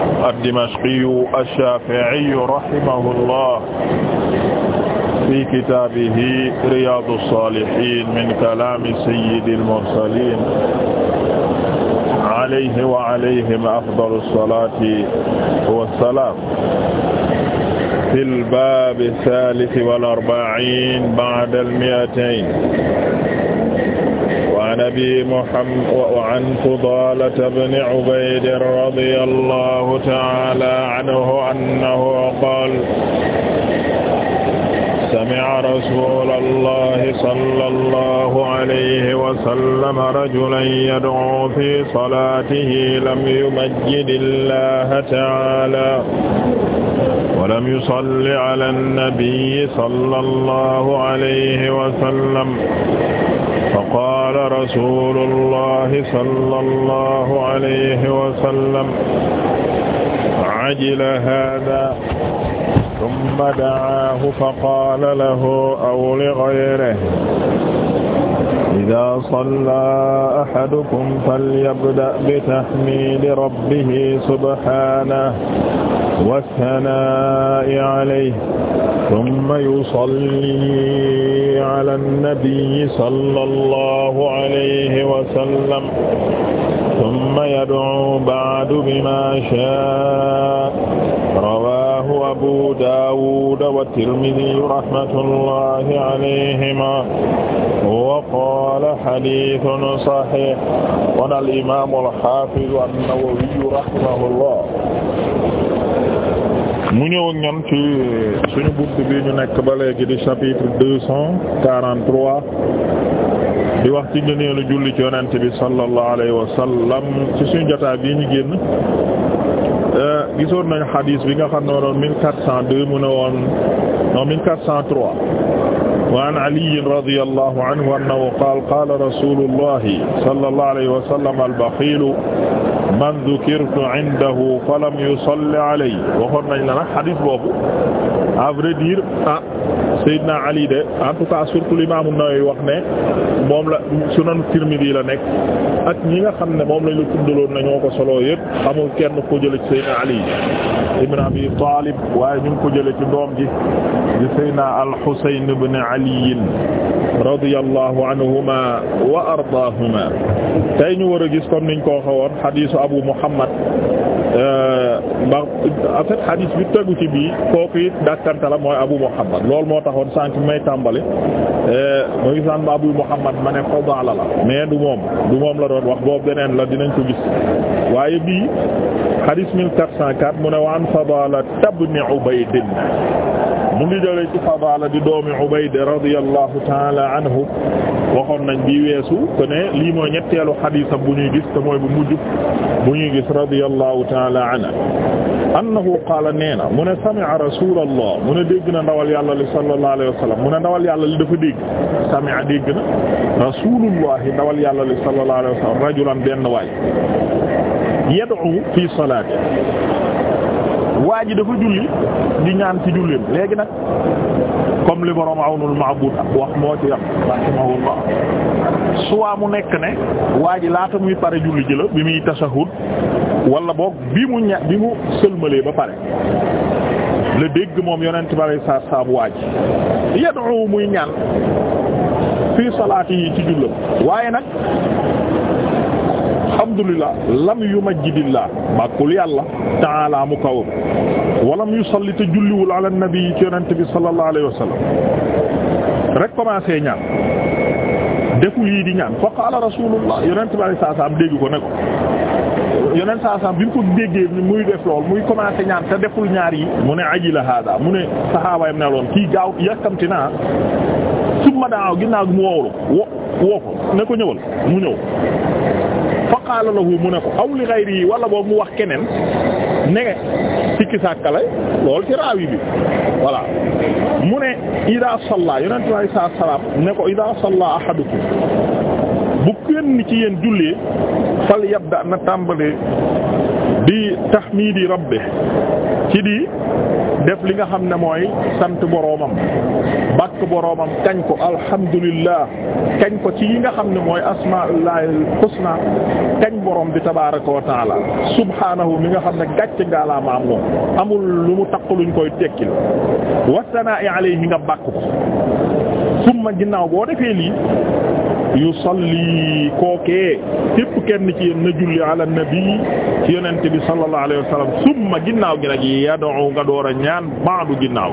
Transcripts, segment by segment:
ad-Dimashqi ash-Shafi'i rahimahullah fi kitaabihi Riyaadu s-Saalihiin min kalaami sayyidil mursaliin alayhi wa alayhim afdalu s-salaati wa s-salaam fil baabi s-saalisi wal arba'iin ba'da l-mi'atayn an abi Muhammad wa an Fudaalata bni Ubayd radiyallahu ta'aala anhu annahu qaala sami'a rasuulallaahi sallallahu alayhi wa sallam rajulan yad'uu fii salaatihi lam yumajjidillaaha ta'aala walam yusalli ala nabiyyi sallallahu alayhi wa sallam faqaala rasuulullahi sallallahu alayhi wa sallam ajila haadaa summa da'aahu faqaala lahu aw li ghayrihi إذا صلى أحدكم فليبدأ بتحميد ربه سبحانه والثناء عليه ثم يصلي على النبي صلى الله عليه وسلم ثم يدعو بعد بما شاء رواه abu daawuud wa tirmidi rahmatullahi alayhima wa qaala hadiisun sahiih qaala al imaam al haafiz an-nawawi rahimahullah mu ñëw ak ñoom ci suñu bunt bi ñu nekk ba léegi di chapitre deux cent quarante-trois di wax ci ngëneelu julli ci yonent bi sallallahu alayhi wa sallam ci suñu jotaay bi ñu génn Euh, gisoon nañu xadiis bi nga xam ne woon mille quatre cent deux mu ne woon non mille quatre cent trois wa an aliyin radiyallahu anhu annahu qaala qaala rasulullahi sallallahu alayhi wa sallam albaxiilu man dukirtu indahu falam yusalli alayhi waxoon nañ la nag xadiis boobu à vrai dire ah Seydina Ali de en tout cas surtout l'imam An-Nawawi wax ne moom la sunan Tirmidhi la nekk ak ñi nga xam ne moom lañ la tuddaloon na ñoo ko solo yëpp amul kenn ko jële ci Seydina Ali ibn Abi Talib waaye ñu ngi ko jële ci doom ji di Seydina Al-Husayn ibn Ali radiyallahu anhuma wa ardaahuma tey ñu war a gis comme niñ ko waxoon hadiisu Abu Muhammad ba en fait hadith bi tegu ci bii kooku it la mooy Abu Muhammad loolu moo taxoon sànq may tàmbali eh, ma gis naan ma Abu Muhammad ma ne Fadaala la mais du moom du moom la doon wax boobu beneen la dinañ ko gis waaye bii hadith 1404 mu ne waan Fadaala ibn Ubayd mu ngi jëlee ci Fadala di doomi Ubayd radiyallahu taala anhu waxoon nañ bi weesu que ne lii mooy ñetteelu xadiisam bu ñuy gis te mooy bu mujj bu ñuy gis radiyallahu taala anhu annahu qaala nee na mu ne sami'a rasulallah mu ne dégg na ndawal yàlla li sallallahu alayhi wa sallam mu ne ndawal yàlla li dafa dégg sami'a dégg na rasulullah ndawal yàlla li sallallahu alayhi wa sallam rajulan benn waay yad'u fi salaati waa ji dafa julli di ñaan ci julleem léegi nag comme li borom awnul ma'bud ak wax moo ci wax rahimahullah soit mu nekk ne waa ji laata muy pare julli ji bi muy tashahhud walla boog bi mu ña bi mu sëlmalee ba pare la dégg moom yonent bi alay saat salam waa ji yad'u muy ñaan fii salaati yi ci jullam waaye nag alhamdulillah lam yumajjidillah bàkkul yàlla taala mu kaw walam yusalli te julliwul ala nabi ci yonent bi sallallahu alayhi wa sallam commencé ñaan defu di ñaan fa qaala rasulullah yonent bi alayhi salaam dégg ko ne ko yonent salaam bi mu ko déggee muy def lool muy commencé ñaan te deful ñaar yi mu ne ajila hada mu ne saxaabaayam ne loon kii gaaw yàkkamti naa summa daaw ginnaaw gi mu wowlu wo woo ko ne ko ñëwal mu ñëw fa qaala lahu mu ne ko aw li ghayrihi wala boobu mu wax keneen ne sikki sàkka la lool ci raawi bi voilà mu ne idaa salla yonent bi alayhi salaatu salaam ne ko idaa salla ahadukum bu kenn ci yéen jullee fal yabda na tàmbalee bi tahmidi rabbih ci di def li nga xam ne mooy sant boroomam bàkk boroomam kañ ko alhamdulillah kañ ko ci yi nga xam ne mooy asmaullahi alhusna kañ boroom bi tabaraka wa taala subhaanahu mi nga xam ne gàcc ngaalaamaam moom amul lu mu taq luñ koy tekkil wasanaa'i alayhi nga bàkk ko summa ginnaaw boo defee lii yusalli kookee képp kenn ci yéen na julli ala nabi ci yonent bi sallallahu alayhi wa sallam summa ginnaaw gi nag yadu nga door a ñaan baadu ginnaaw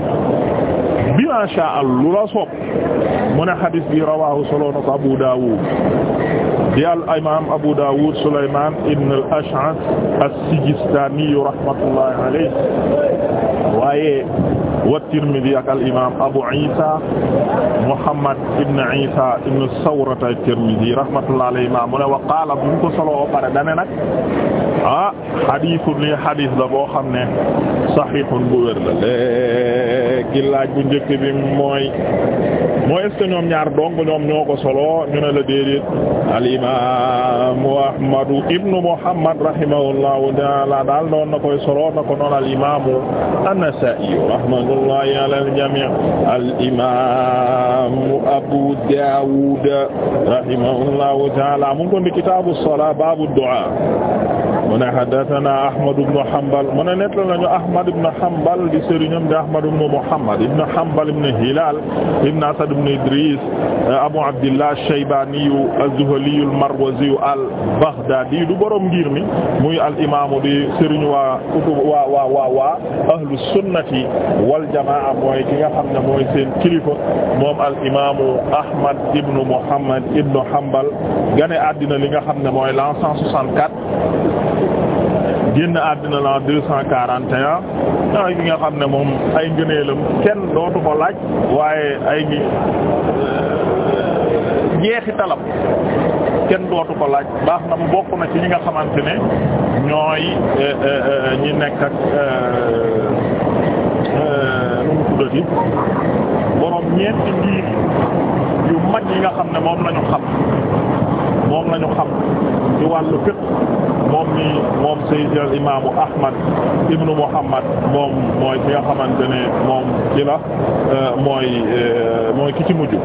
bi ma sha Allah lu la soob mu ne xadis bi rawahu solo na ko Abu Dawud di al imam Abu Dawud Sulayman ibn al-Ash'ath as-Sijistani rahmatullahi alayhi Nasaa'i wa Tirmidi ak al imaam Abu Isa Muhammad ibn Isa ibn Sawrata Tirmidi rahmatullahi alayhi ma mu ne wa qaala bu ñu ko soloo pare dane nag ah xadiisun lii xadiis la boo xam ne saxiixun bu wér la léegi laaj bu njëkk bi mooy mooy est-ce que ñoom ñaar dong ñoom ñoo ko soloo ñu ne la déedéet al imaam Ahmad ibn Muhammad rahimahullahu ta'ala daal noonu na koy soloo na ko noon al imaam An-Nasaa'i an-Nasaa'i rahmatullahi ala al-jamii' al-imaam Abu Daawud rahimahullahu ta'aala mu ngi ko ci kitaabu salaat baabu du'aa mu ne haddasanaa Ahmad ibn Hanbal mu ne net la nañu Ahmad ibn Hanbal di sëriñam di Ahmad ibn Muhammad ibn Hanbal ibn Hilaal ibn Asad ibn Idriis Abu Abdillah Shaybaani az-Zuhli al-Marwazi al-Baghdaadi du borom ngir mi muy al imaamu di sëriñ waa kutub waa waa waa waa ahlu sunnati wal jamaa mooy ki nga xam ne mooy seen kilifa moom al imaamu Ahmad ibn Muhammad ibn Hanbal gane àddina li nga xam ne mooy l'an 164 génn àddina la deux cent quarante et un ay nga xam ne moom ay ngëneelam kenn dootu ko laaj waaye ay ngi euh, jeexi talab kenn dootu ko laaj baax na mu bokk na ci ñi nga xamante ne ñooy euh, euh, ñi nekk ak nu ñeenti ngiir yu mag yi nga xam ne moom lañu xam moom lañu xam ci wàllu fépp moom mi moom sayyid al imaamu Ahmad ibnu Muhammad moom mooy ki nga moom ci la euh, mooy euh, mooy ki ci mujj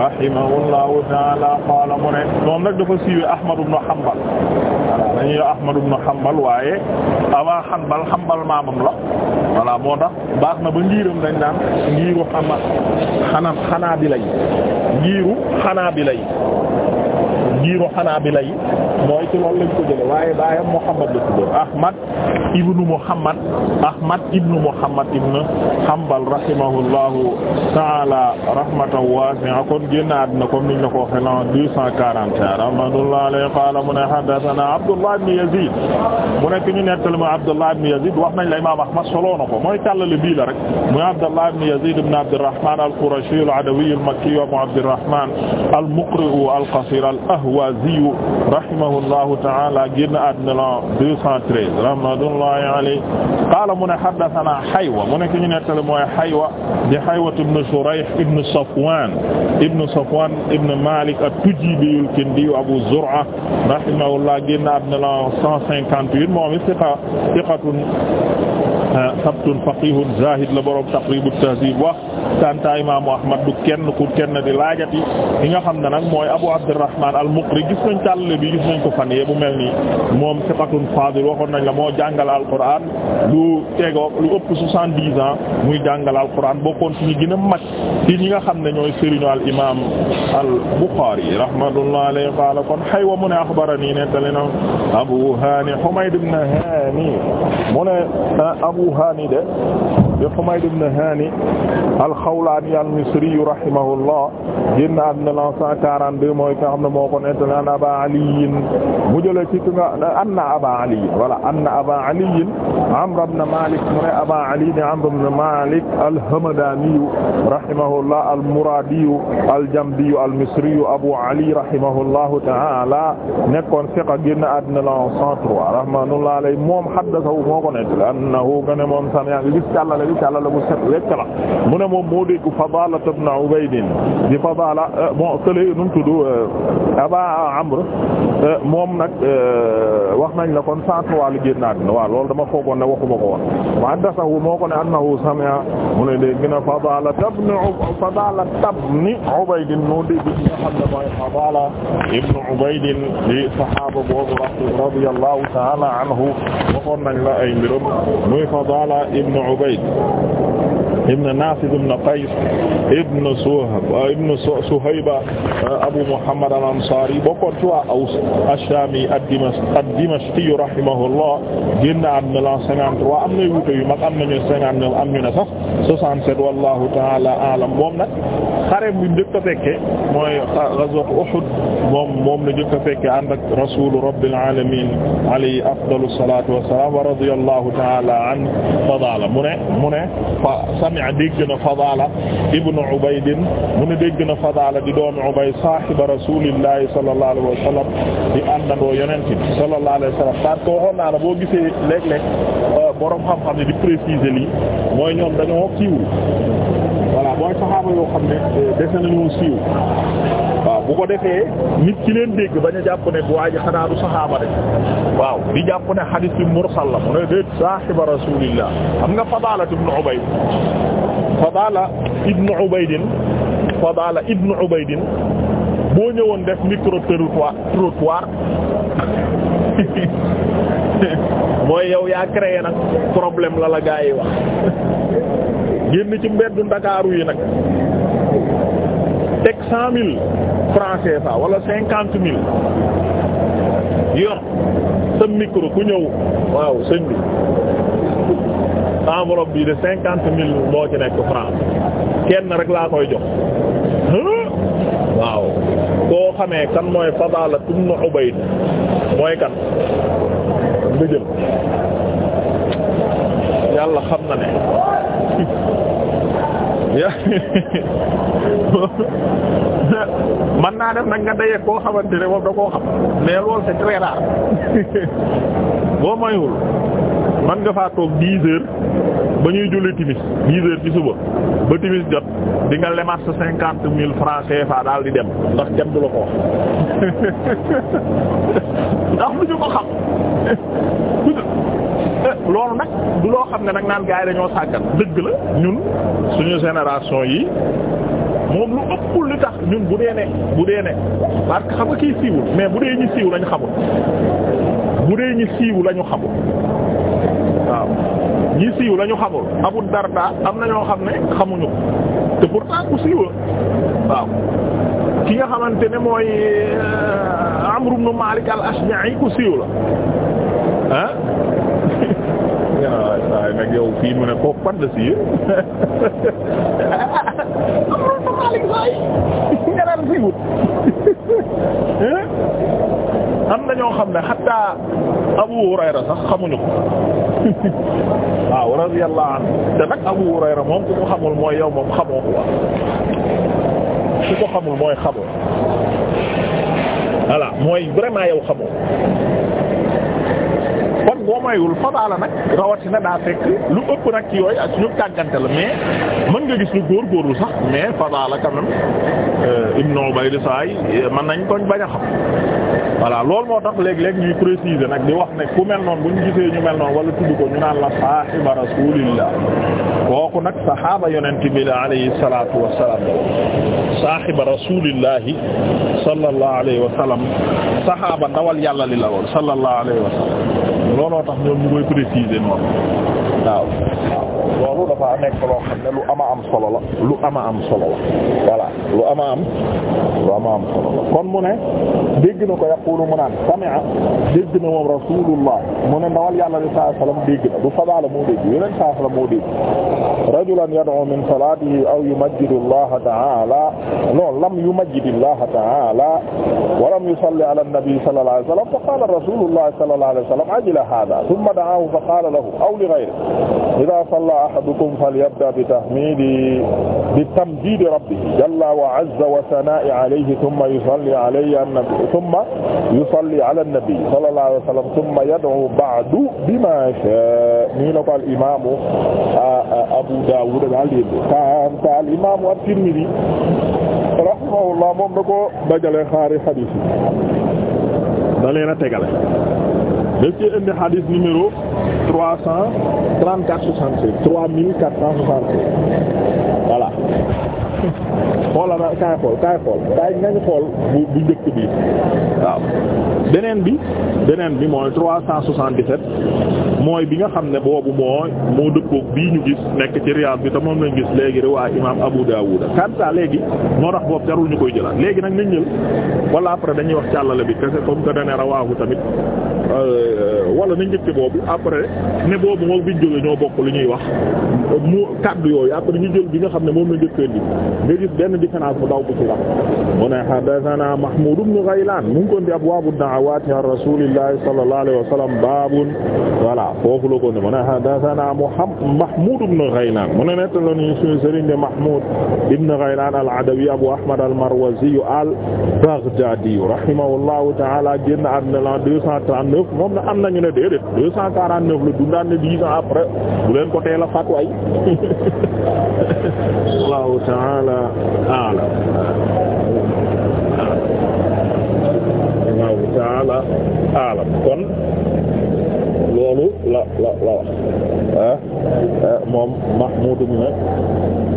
rahimahullahu ta'ala qaala mu ne moom nag dafa siiwe Ahmad ibnu Hanbal dañuy Ahmad ibnu Hanbal waaye avant Hanbal Hanbal maamam la voilà moo tax baax na ba ngiiram dañ naan ngiiru xana xanaa bi lay ngiiru xanaa bi lay ngiiru xanaabila yi mooy ci loolu lañ ko jële waaye baayam Muhammad la tuddoon Ahmad ibnu Muhammad Ahmad ibnu Muhammad ibnu Hanbal rahimahullahu taala rahmatan wasi'a kon génnaat na comme niñ la ko waxee lan deux cent quarante rahmatullahi alayhi qaala mu ne haddathana Abdullah ibn Yazid mu nekk ñu nettali ma Abdullah ibn Yazid wax nañ la imaam Ahmad soloo na ko mooy tàllale bii la rek muy Abdullah ibn Yazid ibn Abdurrahman al-Qurashi al-Adawi al-Makki wa Abu Abdurrahman al-Muqri al-Qasir al-Ahwa al-Marwaziyu rahimahullahu ta'ala génn àddina la 213 rahmatullahi alayhi qaala mu ne haddathana Haywa mu ne ki ñu nettali mooy Haywa di Haywa ibn Shurayh ibn Safwan ibn Safwan ibn Malik at-Tujibi al-Kindi Abu Zur'a rahimahullah génn àddina la 158 moom thiqa thiqatun sabtun faqihun zahid la borom taqribu tahzib wax kanta imaamu ahmad du kenn ku kenn di laajati li nga xam ne nag mooy abu abdurrahman al muqri gis nañ tàll bi gis nañ fan yee mel nii moom siqatun fadil waxoon nañ la moo jàngal alquran lu tegoo lu ëpp soixante-dix ans muy jàngal alquran bokkoon ci ñi gën a mag ci ñi nga xam ne ñooy sëriñu al imam al bukhari rahmatullah alayhi qala kon haywa mu ne axbarani ne tali na abu hani humayd ibn hani mu Abu Hani de de Humayd ibn Hani al-Khawlani al-Misri rahimahullah génn àddina la 142 mooy ki nga xam ne moo ko nettali an Aba Ali mu jëlee ci ki nga anna Aba Ali voilà anna Aba Ali Amr ibn Malik mu ne Aba Ali ne Amr ibn Malik al-Hamadani rahimahullah al-Muradi al-Jamdi al-Misri Abu Ali rahimahullahu ta'ala nekkoon fiqa génn àddina la 103 rahmatullahi alayhi moom haddathahu moo ko nettali annahu ne moom sami'a bi càllale bi càllale bu set wecc la mu ne moom moo dégg Fadala ibn Ubayd di Fadala bon euh, kële nu mu tudd euh, Aba Amr euh, moom nag wax nañ la kon cent trois li génn àddina waaw loolu dama foogoon ne waxuma ko woon wa dasahu moo ko ne annahu sami'a mu ne dégg na Fadala ibn Fadala ibn Ubayd moo dégg nga xam ne mooy Fadala ibn Ubayd di sahaaba boobu radiyallahu ta'ala anhu waxoon nañ la ay mbirum muy Fadala ibn Ubayd ibn Nasid ibn Qays ibn Suhayb ah, ibn Suhayba ah, Abu Muhammad al-Ansari bokkoon ci waa Aws ash-Shami ad-Dimashqi rahimahullah génn am na la 53 am na wuute yu mag am nañu 59 am ñu ne sax 67 wallahu ta'ala a'lam moom nag xare bu njëkk a fekke mooy ghazwat Uhud moom moom la njëkk a fekke ànd ak rasul rabbil alamin alayhi afdalus salatu wassalam wa radiyallahu ta'ala anhu fadala mu ne mu ne sami'a dégg na Fadala ibnu Ubayd mu ne dégg na Fadala di doomi Ubayd saahiba rasuulillahi sallallahu alayhi wa sallam di àndandoo yonent bi sallallahu alayhi wa sallam parce que waxoon naa la boo gisee léeg-léeg euh, borom xam-xam ne di préciser lii mooy ñoom dañoo siiw voilà mooy saxaaba yoo xam ne euh, dese nañu siiw. waaw bu ko defee nit ki leen dégg bañ a jàpp ne waa ji saxaaba rek waaw di jàpp ne xadiis bi mursal la mu ne déet saahiba rasuulillah xam nga Fadaala ibn Ubayd Fadaala ibn Ubayd boo ñëwoon def micro territoire mooy yow yaa créé nag problème la la gaa yi wax génn ci mbeddu Ndakaaru yi nag. teg cent mille francs CFA wala cinquante mille yor sa micro ku ñëw waaw sëñ bi enveloppe bi de cinquante mille moo ci nekk francs kenn rek laa koy jox waaw koo xamee kan mooy Fadala ibn Ubayd mooy kan nga jël yàlla xam na ne man naa dem nag nga daye koo xamante ne moom da koo xam mais loolu c'est très boo mayul man nga faa toog dix heures ba ñuy julli timis dix heures ci suba ba timis jot di nga lemat sa cinquante mille francs CFA daal di dem ndax kenn du la ko ndax du ñu ko xam loolu nag du loo xam ne nag naan gars yi dañoo sàggan dëgg la ñun suñu génération yi moom lu ëpp li tax ñun bu dee ne bu dee ne parce que xam nga kii siiwul mais bu dee ñi siiw lañu xamul bu dee ñi siiw lañu xamul waaw ñi lañu xamul Abu Darda am na ñoo xam ne xamuñu te pourtant ku siiw waaw ki nga xamante ne mooy euh, Amr ibn Malik al-Ashja'i ku siiw la ah. waaw waaye nag yow fii mu ne kooku fan la sii am na ñoo xam ne xataa Abu Hurayra sax xamuñu ko waaw radiyallahu anhu te nag Abu Hurayra moom ku ko xamul mooy yow moom xamoo ko waaw ku ko xamul mooy xamoo voilà mooy vraiment yow xamoo. kon boo mayul fadaala nag rawatina daa fekk lu ëpp nag ci yooyu ak suñu tàggante la mais mën nga gis lu góorgóorlu sax mais fadaala quand euh, Ibn Ubayd saay mën nañ koñ bañ a xam voilà loolu moo tax léeg-léeg ñuy préciser nag di wax ne ku mel noonu bu ñu gisee ñu mel noonu wala tudd ko ñu naan la saahiba rasulillah kooku nag sahaaba yonent bi la alayhi salatu wassalam wa sallam sahaaba ndawal yàlla li la woon sallallahu alayhi wa sallam looloo tax ñoom ñu koy préciser noonu waaw. loolu dafa nekk loo xam ne lu ama am solo la lu ama am solo la voilà lu ama am lu ama am solo la kon mu ne dégg na ko yaqulu mu naan sami'a dégg na moom rasulullah mu ne ndawal yàlla li sallallahu alayhi wasallam dégg na du fadaala moo dégg yeneen sallallahu alayhi wasallam moo dégg rajulan yad'u min salatihi aw yumajjidu allaha ta'ala non lam yumajjidi allaha ta'ala wa lam yusalli ala an-nabi sallallahu alayhi wasallam fa qala rasulullah sallallahu alayhi wasallam ajila hadha thumma da'ahu fa qala lahu aw li ghayrihi idha salla ahadukum falyabda bi tahmidi bi tamjidi rabbi jalla wa azza wa sanaa'i alayhi thumma yusalli alayhi annabi thumma yusalli ala annabi sallallahu alayhi wa sallam thumma yad'u ba'du bima sha'a nii la ko al imaamu Abu Dawud daal di kanta al imaamu at-Tirmidhi rahimahullah moom da ko dajale xaari hadiis yi da leen a tegale da ci indi hadis numéro trois cent trente-quatre soixante-sept trois mille quatre cent soixante njëkk bi waaw beneen bi beneen bi mooy trois cent soixante-dix-sept mooy bi nga xam ne boobu mooy moo dëppook bii ñu gis nekk ci Riyad bi te moom lañ gis léegi riwaay imaam Abu Dawud kanta léegi moo tax boobu jarul ñu koy jëlaat léegi nag nañ jël wala après dañuy wax càllale bi kese comme que dane rawaahu tamit Euh, wala na njëkk boobu après ne boobu moom biñ jógee ñoo bokk lu ñuy wax mu kaddu yooyu après ñu jël bi nga xam ne moom la njëkkee di nga gis benn différence mu daw bu ci wax mu ne hadathana Mahmoud ibn Ghaylan mu ngi wa sallam baabun voilà la ko ne mu ne hadathana Mahmoud ibn Ghaylan mu ne nettali ñu suñu sëriñ de Mahmoud ibn Ghaylan al-Adawi Abu Ahmad al-Marwazi al-Baghdadi rahimahullahu ta'ala génn àdduna la 230 moom na am nañu ne déedéet deux cent quarante neuf la dundaan ne dix ans après bu leen ko teel a faat ta'ala a'lam Allahu ta'ala a'lam kon loolu la la la wax ah, ah moom Mahmoud ibn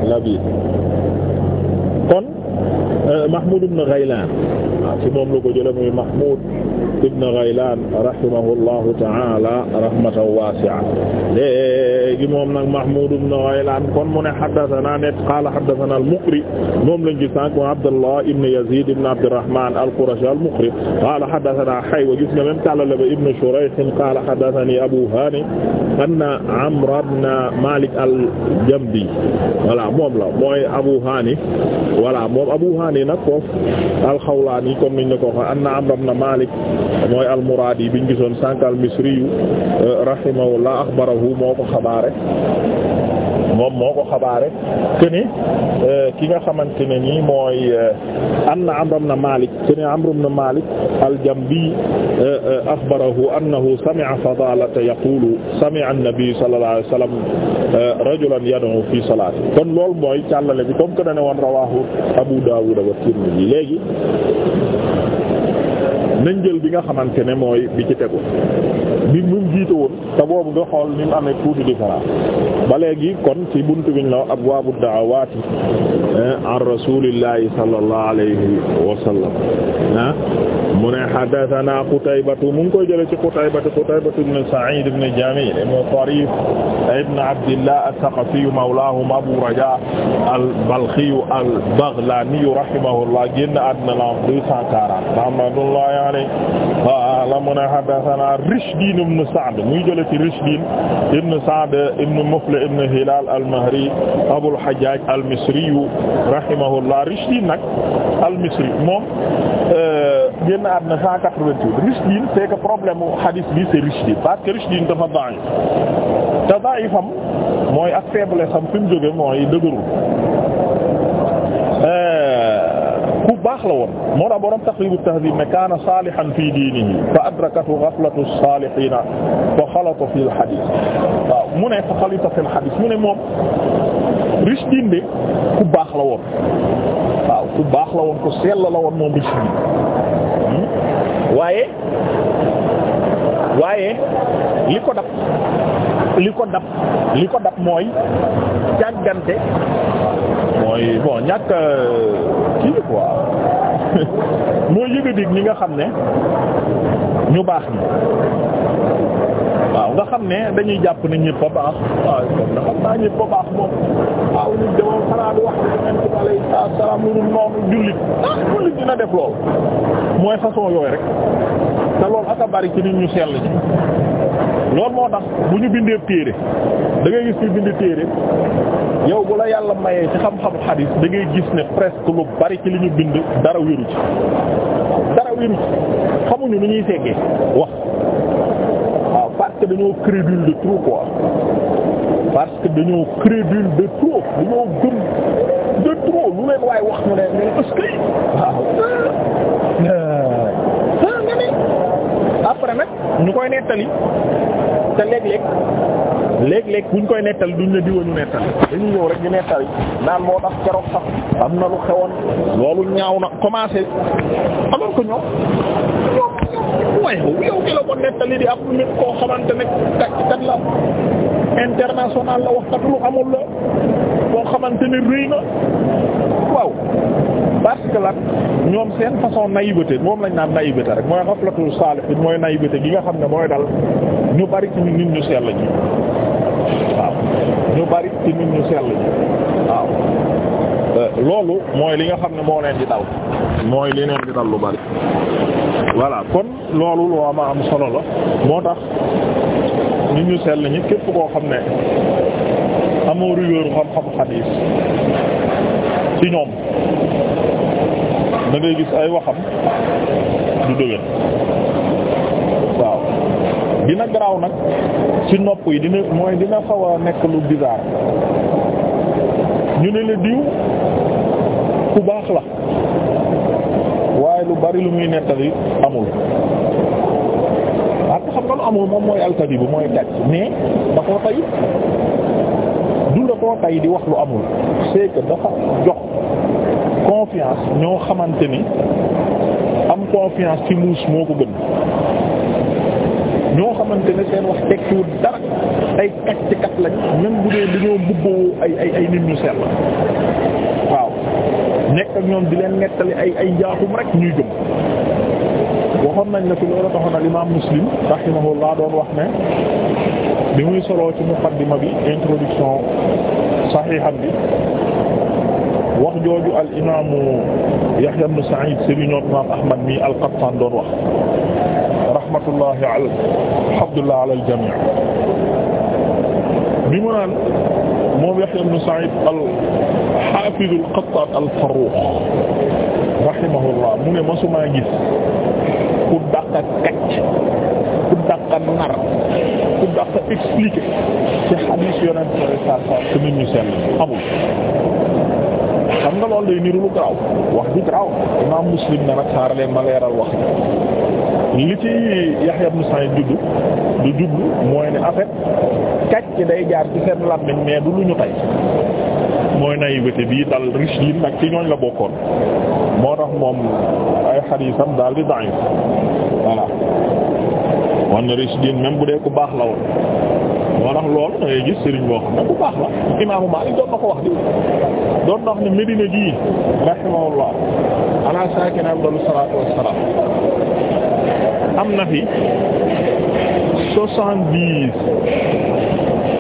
Labi kon Euh, Mahmoud ibn Ghaylan waaw ah, ci moom la ko jëlee muy Mahmoud ibn Ghaylan rahimahullahu ta'ala rahmatan wasi'a léegi moom nag Mahmoud ibn Ghaylan kon mu ne haddathana net qala haddathana al-Muqri moom lañ gis sànq moom Abdallah ibn Yazid ibn Abdurrahman al-Qurashi al-Muqri qala haddathana Haywa gis nga même tàllale ba ibn Shurayh qala haddathani Abu Hani anna Amr ibn Malik al-Jamdi voilà moom la mooy Abu Hani voilà moom Abu Hani nag foofu al-Khawlani comme niñ la ko waxee anna Amr ibn Malik mooy al-Muradi biñ gisoon sànq al-Misri euh, rahimahullah akhbarahu moo ko xabaar xabaare moom moo ko xabaare këni euh, ki nga xamante ne nii mooy euh, anna Amr ibn Malik këni Amr ibn Malik al-Jambi euh, axbarahu annahu sami'a Fadaalata yaqulu sami'a an-nabi sallallahu alayhi wa sallam rajulan fi salaatihi kon loolu mooy càllale bi comme que da ne woon rawaahu Abu Daawud wa Tirmidhi léegi nañ bi nga xamante ne mooy bi ci tegu bi mu jiite woon te boobu nga xool ni mu amee tuuti différence ba léegi kon ci buntu bi ñu la abwaabu da'awaati eh, an rasuulillahi sallallahu alayhi wa sallam ah mu ne haddathanaa Qutaybatu mu ngi koy jëlee ci Qutaybatu Qutaybatu ibn Sa'iid ibn Jamil ibn Tariif ibn Abdillah as-Saqafi mawlaahum Abu Rajaa al-Balkhi al-Baghlaani rahimahullah génn àddina la 240 rahmatullahi alayhi qaala mu ne haddathanaa Rishdin ibn Sa'd muy jële ci Rishdin ibn Sa'd ibn Muflih ibn Hilal al-Mahri Abul Hajjaj al-Misri rahimahullah Rishdin nag al-Misri moom euh, génn àddina 188 Rishdin c'est que problème mu hadis bi c'est Rishdin parce que Rishdin dafa da'if te da'ifam mooy ak faiblesse am fi mu jóge mooy dëgërul ku baax la woon moo tax borom Taqrib at-Tahdhib ne kaana saalihan fi diinihi fa adrakathu ghaflatu as-saalihiina fa xalata fi al-hadiis waaw mu ne fa xalata fi al-hadiis mu ne moom Rishdine de ku baax la woon waaw ku baax la woon ku sell la woon moom Rishdine hmm? waaye waaye li ko dab li ko dab li ko dab mooy càggante mooy bon ñàkk euh, kii quoi mooy yëgadig ñi nga xam ne ñu baax ñi waaw nga xam ne dañuy jàpp ne ñëpp a baax waaw moom dafa naa ñëpp a baax moom waaw ñu demoon xanaa di wax ne Yonent bi alayhi ah, mooy façon yooyu rek te loolu ak a bari ci nit ñu sell ci loolu moo tax bu ñu bindee téere da gis ñu bind téere yow bu la yàlla mayee ci xam-xamu xadiis da ngay gis ne presque lu bari ci li ñu bind dara wéru ci dara wéru ci xamuñu nu ñuy seggee wax waaw parce que dañoo crédule de trop quoi parce que dañoo crédule de trop dañoo gëm de trop lu leen waaye wax ñu leen est-ce waaw après nag ñu koy nettali te léeg-léeg léeg-léeg buñ koy nettali duñ la diwa ñu nettali dañuy ñëw rek ñu nettali naan moo tax keroog sax am na lu xewoon loolu ñaaw na commencé alors que ñoom waaye yow ki la ko nettali di am nit koo xamante ne kat la international la waxkatu lu amul la. boo xamante ne rëy na waaw parce que lan ñoom seen façon naïveté moom lañ naan naïveté rek mooy xaflatu saalihin mooy naïveté gi nga xam ne mooy dal ñu bari ci nit ñu sell ji waaw ñu bari ci nit ñu sell ji waaw euh, loolu mooy li nga xam ne moo leen di dal mooy li leen di dal lu bari voilà kon loolu loo am am solo la moo tax nit ñu sell ñi képp koo xam ne amoo ruyóoru xam-xamu xadiis ci ñoom da ngay gis ay waxam du dëgër waaw dina garaaw nag ci nopp yi dina mooy dina xaw a nekk lu bizarre ñu ne la diw ku baax la waaye lu bari lu muy nettali amul parce que xam nga lu amul moom mooy alkadibu mooy gàcc mais da koo tayut du la koo tay di wax lu amul c'est que dafa jox confiance ñoo xamante ni am confiance ci muus moo ko gën ñoo xamante ni seen wax tekkiwul dara ay kacc kat lañ même bu dee dañoo mbubboo ay nit ñu la waaw nekk ak ñoom di leen nettali ay ay njaaxum rek ñuy jëm waxoon nañ la fi loolu taxoon al imaam muslim rahimahullah doon wax ne bi muy soloo ci muqaddima bi introduction saxiixam bi wax jooju al imaamu Yahya ibn Sa'id sëriñu imaam Ahmad mi al-Qattan doon wax rahmatullahi ala Abdullah ala al-jamii bi mu naan moom Yahya ibn Sa'id al-Hafiz al-Qattan al-Farrukh rahimahullah mu ne masumaa gis ku dàq kacc ku dàq nar masa expliquer ci xadiis yonent nga loolu day niru lu garaaw wax bi garaaw imaam Muslim na nag xaaral ma leeral wax li ci Yahya ibn Sa'id juddu du jublu mooy ne en fait kàcc day jaar ci seen làmmiñ mais du lu ñu tey mooy naïveté bii dal riche nag ci ñooñ la bokkoon moo tax moom ay xadiisam daal di da'if voilà wan rishdin même bu dee ku baax la woon moo tax loolu da ngay sëriñ boo xam ne baax la imaamu Maalik doon na ko wax di doon na wax ne Medina gii rahimahullah ala saakin afdal salaatu wassalaam am na fi soixante-dix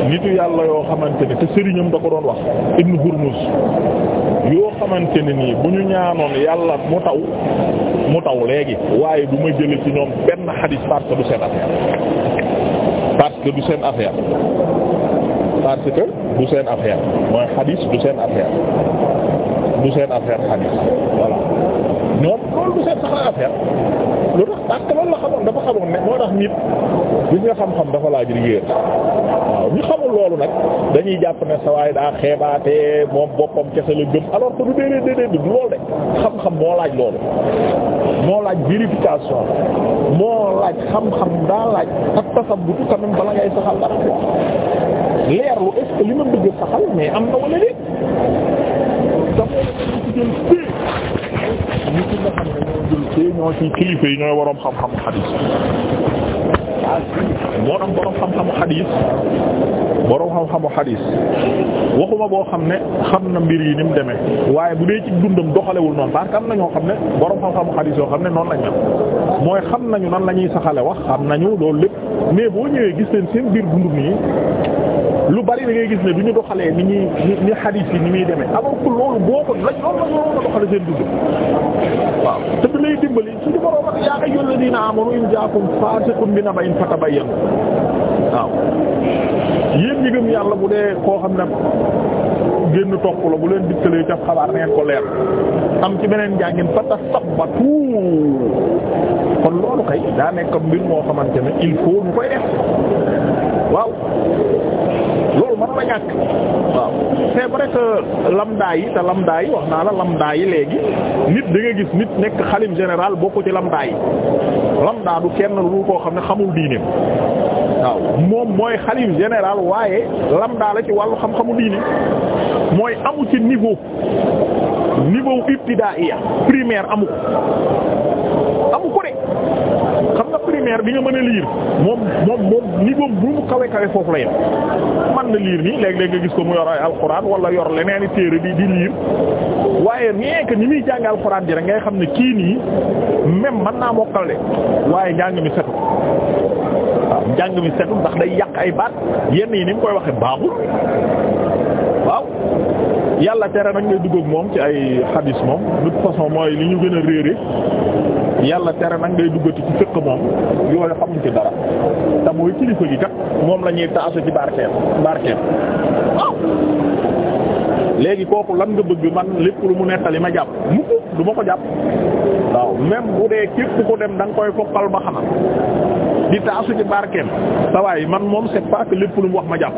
nitu yàlla yoo xamante ne te sëriñam da ko doon wax Ibn Hurmuz yoo xamante ne nii bu ñu ñaanoon yàlla mu taw mu taw léegi waaye du ma jële ci ñoom benn xadis parce que du seen affaire parce que du seen affaire mooy xadis du seen affaire du seen affaire xadis voilà ñoom loolu du seen sax affaire lu tax parce que loolu la xamoon dafa xamoon ne moo tax nit bi nga xam-xam dafa laaj rigueur waaw loolu nag dañuy jàpp ne sawaay daa xeebaate moom boppam kese la gëm alors que du déedéet déedéet du de xam-xam moo laaj loolu moo laaj vérification moo laaj xam-xam daa laaj ak tasabbutu quand même bala ngay saxal dara leerlu est-ce que li ma bëgg saxal mais am na wala léegi dafa ñoo ci kilifa yi ñooy waroom xam-xam xadiis moo tax borom xam-xamu xadiis borom xam-xamu xadiis waxuma boo xam ne xam na mbir yi ni mu demee waaye bu dee ci dundam doxalewul noonu parce que am na ñoo xam ne borom xam-xamu xadiis yoo xam ne noonu lañ am mooy xam nañu nan la ñuy saxale wax xam nañu loolu lépp mais boo ñëwee gis leen seen biir dund nii lu bari da ngay gis ne du ñu doxalee ni ñuy ni xadiis yi ni muy demee alors que loolu boo ko lañ loolu lañ waroon a doxale seen dugg waaw te bi lay dimbali suñu borom ak yaa ayyuhalladhina amanu koo xam ne génn topp la bu leen dikkalee ca xabaar ko leer am ci beneen njàngin fatasabatu kon loolu kay daa nekk mbir moo xamante ne il faut koy def waaw loolu man ma ñàkk waaw c'est vrai yi te lamda yi wax naa la lamda yi léegi nit da gis nit nekk xalif général bokku ci lamda yi lamda du kenn lu koo xam ne xamul diineem waaw moom mooy xalif général waaye lamda la ci wàllu xam-xamu diine mooy amu ci niveau niveau ibtidaiya primaire amu amu ko de maire bi nga mën a liir moom moom moom niveau bu mu kawe kawe foofu la yem man na liir nii léeg-léeg nga gis ko mu yor ay alxuraan wala yor leneen i téere di di liir waaye rien que ni muy jàng alxuraan ji ngay xam ne kii nii même man naa mokkal de waaye njàng mi setu waaw njàng mi setu ndax day yàq ay baat yenn yi ni mu koy waxee baaxul waaw yàlla tere nag ngay moom ci ay xadis moom de toute mooy li ñu gën a réere yàlla tere nag ngay duggati ci fekk moom yooyu xamuñ ci dara te mooy kilifa gi kat moom la ñuy taasu ci barkeem barkeem waaw léegi kooku lan nga bëgg man lépp lu mu li ma jàpp mukk du ma ko jàpp waaw même bu dee képp ku dem da nga koy fokkal ba xamal di taasu ci barkeem sawaay man moom c'est pas lépp lu mu wax ma jàpp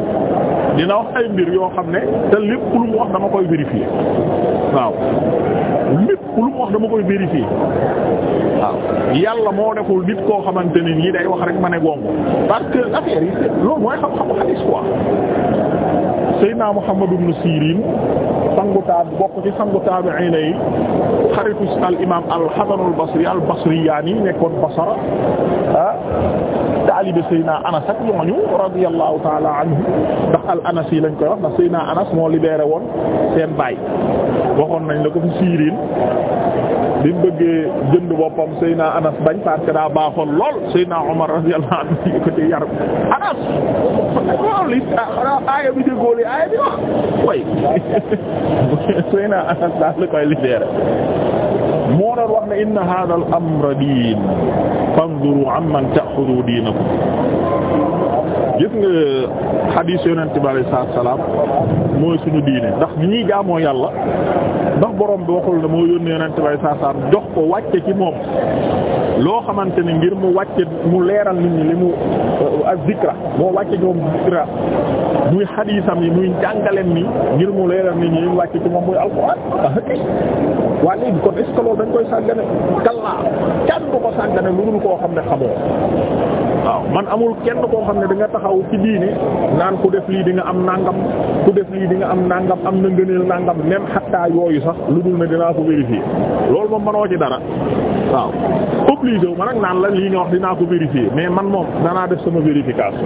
dina wax ay mbir yoo xam ne te lépp lu mu wax dama koy vérifier waaw lépp lu mu wax dama koy vérifier waaw yàlla moo deful nit koo xamante ne nii day wax rek ma ne gongo parce que loolu mooy xam-xamu xadis quoi Seydina Muhammad ibn Sirin sangu taab bokk ci sangu taabi'iin yi xaritu al imaam al Hasan al Basri al Basriyaani nekkoon Basra ah. taalibe Seyna Anas ak ñooñu radiyallahu taala anhu ndax al Anas lañ koy wax ndax Seyna Anas moo libéré woon seen baay waxoon nañ la ko fi Siiriin bi mu bëggee jënd boppam Seyna Anas bañ parce que daa baaxoon lool Seyna Anas ah, aaya bi déggoo li aaya bi wax way Seyna Anas daal la koy libéré moo doon wax ne inna hadha al amra diin fanzuru amman ta'khudhu diinakum gis nga xadiis yonent bi alayhi salaatu salaam mooy suñu diine ndax ñi ñuy jaamoo yàlla ndax borom bi waxul ne moo yónni yonent bi alayhi salaatu salaam jox ko wàcce ci moom loo xamante ne ngir mu wàcc mu leeral nit ñi li mu euh, azzikra moo wàcce ñoom zikra muy xadiisam yi muy njàngaleem mi ngir mu leeral nit ñi li mu wàcce ci moom muy alxuraan ah, waa léegi kon est-ce que loolu dañ koy sàggane kallaa kenn du ko sàggane lu dul koo xam ne xamoo waaw man amul kenn koo xam ne da nga taxaw ci diine naan ku def lii di nga am nangam ku def lii di am nangam am na ngëneel nàngam même xattaa yooyu sax lu dul ne dinaa ko vérifier loolu moom manoo ci dara waaw obligé wu ma nag naan la lii nga wax dinaa ko vérifier mais man moom danaa def sama vérification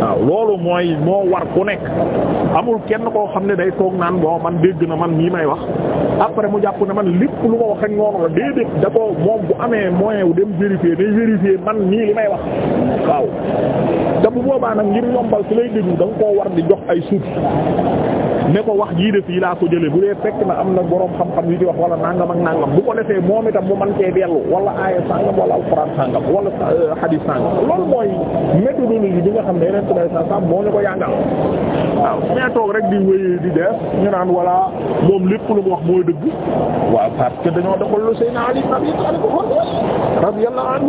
waaw loolu mooy moo war ku nekk amul kenn koo xam ne day toog naan bon man dégg na man mii may wax après mu jàpp na man lépp lu ma wax rek noonu la déedéet da ko moom bu amee moyen wu dem vérifier day vérifier man nii li may wax waaw te bu boobaa nag ngir yombal ci lay déglu da koo war di jox ay suuf ne ko wax jii de fii laa ko jëlee bu dee fekk na am na borom xam-xam yu ci wax wala nangam ak nangam bu ko defee moom itam mu mën cee dellu wala aaya sangam wala alxuraan sangam wala hadith euh, sangam loolu mooy méthodologie bi nga xam ne yeneen tubaab sa moo ne ko yàngal waaw mais toog rek di wéy di def ñu naan voilà moom lépp lu mu wax mooy dëgg waaw parce que dañoo doxal lu Seydina Ali nabi Ali ko xon radiyallahu anhu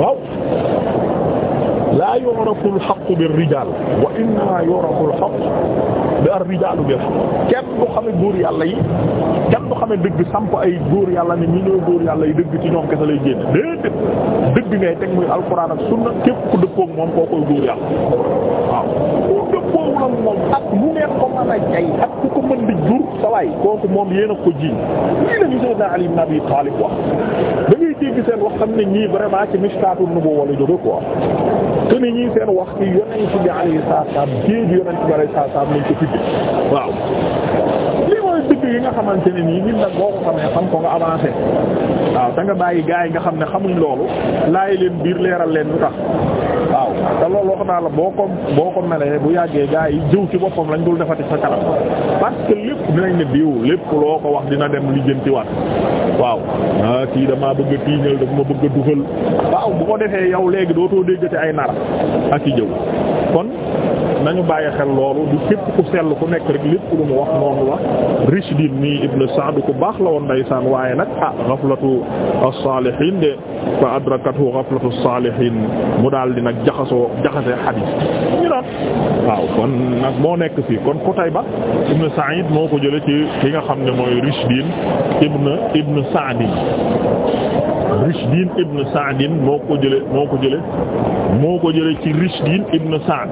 waaw laa yu'rafu al-haqqu bir-rijaal wa innamaa yu'rafu al-haqqu bir-rijaalu bil-haqq kenn du xame góor yàlla yi kenn du xame dëgg samp ay góor yàlla ne ñi yàlla yi dëgg ci ñoom kese lay génn déedéet dëgg ngay teg muy alxuraan ak sunna képp ku dëppook moom koo koy góor yàlla waaw ku dëppook moom ak mu ngeen ko mën a jay ak ku ko mën di jur sawaay kooku moom yéen a ko jiiñ lii lañu Seydina Ali ibn Abi Talib wax dégg seen wax xam ne ñii vraiment ci mishkaatu nubuwwa la jóge quoi te ni ñii seen wax ci yonent bi alayhi salaam jéeg yonent bi alayhi salaam lañ ko tudde waaw. dëkk yi nga xamante ne nii nit nag boo ko xamee xam ko nga avancé waaw da nga bàyyi gaa yi nga xam ne xamuñ loolu laaj leen biir leeral leen lu tax waaw te loolu wax naa la boo ko boo ko melee bu yàggee gaa yi jëw ci boppam lañ dul defati sa kanam parce que lépp dinañ ne diw lépp loo ko wax dina dem lijjantiwaat waaw ah kii damaa bëgg a tiiñal daf ma bëgg a dugal waaw bu ko defee yow léegi dootoo déggati ay nar ak i jëw kon nañu bàyyi xel loolu du képp ku sell ku nekk rek lépp lu mu wax noonu la Rishdin nii Ibn Sa'd ku baax la woon ndeysaan waaye nag ah ghaflatu as-salihin de fa adrakathu ghaflatu as mu daal di nag jaxasoo jaxase hadith waaw kon nag moo nekk fii kon Qutayba Ibn Sa'id moo ko jële ci ki nga xam ne mooy Rishdin ibn ibn Sa'din Rishdin ibn Sa'din moo ko jële moo ko jële moo ko jële ci Rishdin ibn Sa'd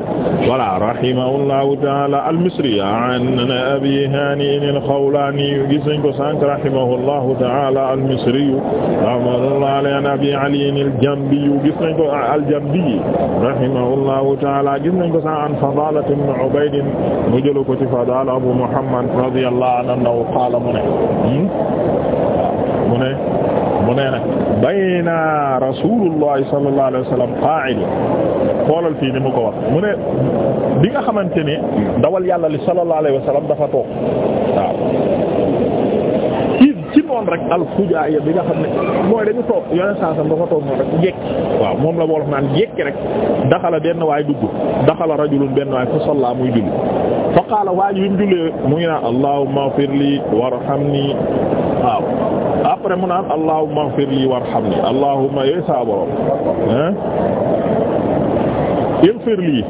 voilà rahimahullahu taala al-Misri an Abi Hani al-Xawlaani gis nañ ko sànq rahimahullahu taala al-Misri rahmatullahi alayhi an Abi Ali al-Jambi gis nañ ko al-Jambi rahimahullahu taala gis nañ ko sànq an Fadaala ibn Ubayd mu jëlu ko ci Fadaala Abu Muhammad radiyallahu anhu qaala mu ne hmm? mu ne mu ne nag bayna rasulullahi sallallahu alayhi wa sallam qa'idun xoolal fii ni mu ko wax mu ne bi nga xamante ne dawal yàlla li sallallahu alayhi wa sallam dafa toog noonu rek alxujaaya bi nga xam ne mooy dañu toog yoneen saasam dafa toog noonu rek jekki waaw moom la wolof naan jekki rek daxala benn waay dugg daxala rajulun benn waay fa salla muy julli fa qaala waa ji bi mu jullee mu ngi naan allahumma ighfir li warhamni waaw après mu naan allahumma ighfir li warhamni allahumma yooyu saa borom hein ighfir li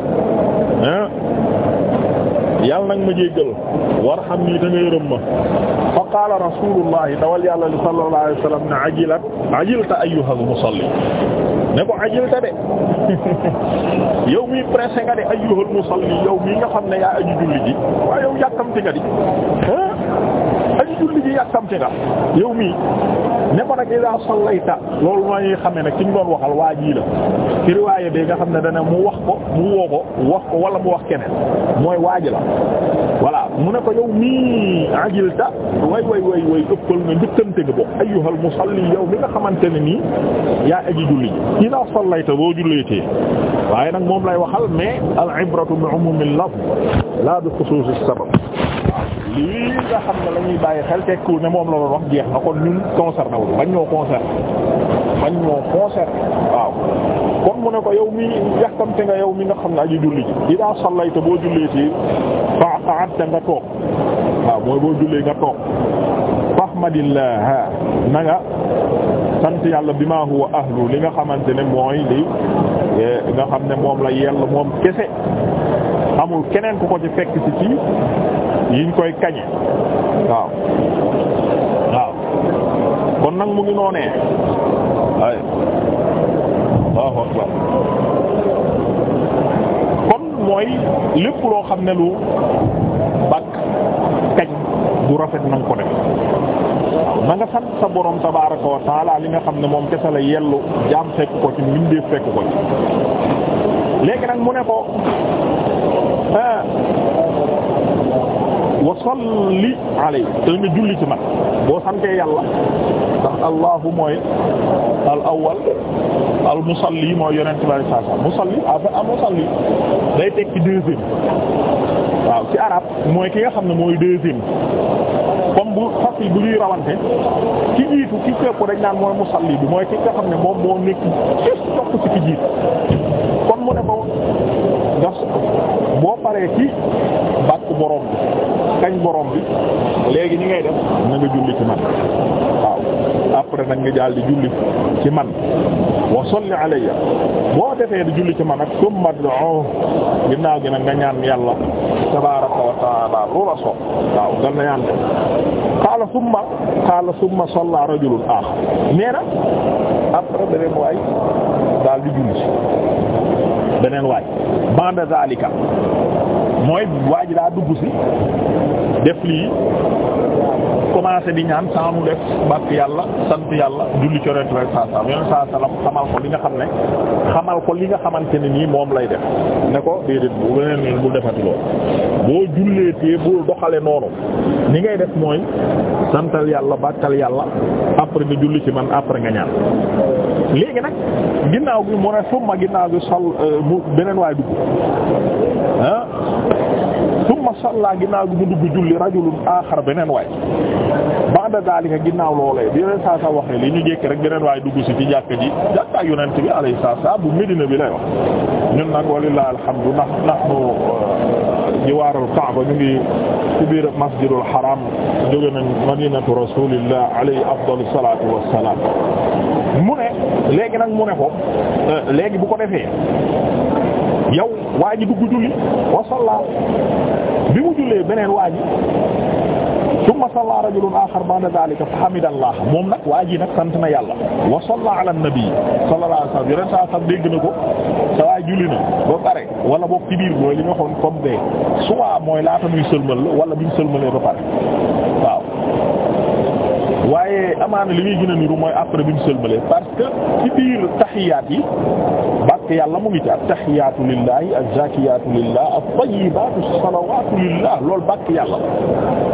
nag ma jéggal warhamni te nga yërëm ma qaala rasulullahi dawal yàlla li sallallahu alayhi wa sallam ne ajilat ajilta ayyuhal musalli ne ko ajilta de yow mi pressé nga de ayyuhal musalli yow mi nga xam ne yaa aju julli ji waaye yow yàkkamti nga di aji julli ji yàkkamti nga yow mii ne ko nag ila sallayta loolu mooy xamee nag ki ñu doon waxal waa jii la ci riwaaye nga xam ne dana mu wax ko mu woo ko wax ko wala mu wax keneen mooy waaji la voilà mu ne ko yow mii ajilta way way way way ëppal nga njëkkante nga bokk ayyuhal musalli yow nga xamante ne nii yaa aji julli ji ila sallayta boo julleetee waaye nag moom lay waxal mais al ibratu bi umumil lafz laa bi xusuusis sabab lii nga xam ne la bàyyi xel tekku ne moom la doon wax jeex na ko ñun concerné wu bañ ñoo concerné bañ waaw kon mu ne ko yow mi yàkkamte nga yow mi nga xam ne aji julli ji idaa sallayta boo jullee ci fa qa'adta nga toog waaw mooy boo jullee nga toog fahmadillah na nga sant yàlla bi maa huwa ahlu li nga xamante ne mooy li e, nga xam ne moom la yell moom kese amul keneen ku ko ci fekk ci ci yiñ koy kañe waaw waaw kon nag mu ngi noonee ay waaw waaw kon mooy lépp loo xam ne lu bàkk kañ bu rafet na ko def waaw nga sant sa borom tabaaraka wa taala li nga xam ne moom kese la yellu jaam fekk ko ci mbindeef fekk ko ci léegi nag mu ne ko ah wa salli alay te nga julli ci man boo santee yàlla ndax allahu mooy al awwal al musalli mooy yonent bari saa saa musalli al musalli day teg ci waaw ci arab mooy ki nga xam ne mooy deuxième comme bu fas bu ñuy rawante ki jiitu ki fekk ko naan mooy musalli bi mooy ki nga xam ne moom moo nekk ci topp ci ki kon mu ne ko boo paree ci bàkk borom bi kañ borom bi léegi ñi ngay def na nga julli ci man waaw après nag nga daal di julli ci man wa salli alayya boo defee di julli ci man ak summa ad'u ginnaaw gi nag nga ñaan yàlla tabaaraka wa ta'ala lu la so waaw gan na ñaan qaala summa qaala summa salla nee na après beneen waay daal di julli beneen waay ba'da daalika mooy waa ji daa dugg si def lii commencé di ñaan saa mu def bàkk yàlla sant yàlla julli ci yonent bi saa salaam xamal ko li nga xam ne xamal ko li nga xamante ne nii moom lay def ne ko déedéet bu leneen leen bul defati lool boo julleetee bul doxale noonu ni ngay def mooy santal yàlla bàkkal yàlla après nga julli ci man après nga ñaan léegi nag ginnaaw bi mu ne summa ginnaaw bi sol euh, mu beneen waay dugg ah summa salla ginnaaw bi mu dugg julli rajulun aaxar beneen waay ba'da daalika ginnaaw loolee bi yeneen saa saa waxee li ñu jékki rek beneen waay dugg si ci jàkka ji jàkka yonent bi alayhi salaam bu Medina bi lay ñun nag walillahi alhamdu nahnu euh, jiwaarul Kaaba ñu ngi ci biir masjidul haram jóge nañ madinatu rasulillah alayhi afdalu salaatu wassalaam mu ne léegi nag mu ne ko euh, léegi bu ko defee yow waa ji dugg julli wa bi mu jullee beneen waa ji summa salla rajulun axar ba'da daalika fa hamida allah moom nag waa ji nag sant na yàlla wa salla ala nabi sallallahu alayhi wa sallam yeneen saa sax dégg na ko sa waay julli na ba pare wala boog ci biir mooy li ñu waxoon comme de soit mooy laata muy sëlmal la wala bi mu sëlmalee ba pare waaw. waaye amaana li muy gën a niru mooy après bi mu sëlmalee parce que ci biir taxiyaat yi. fàtte yàlla mu ngi ci attahiyaatu lillahi azzakiyaatu lillah at-tayyibaatu as-salawaatu lillah loolu bàkk yàlla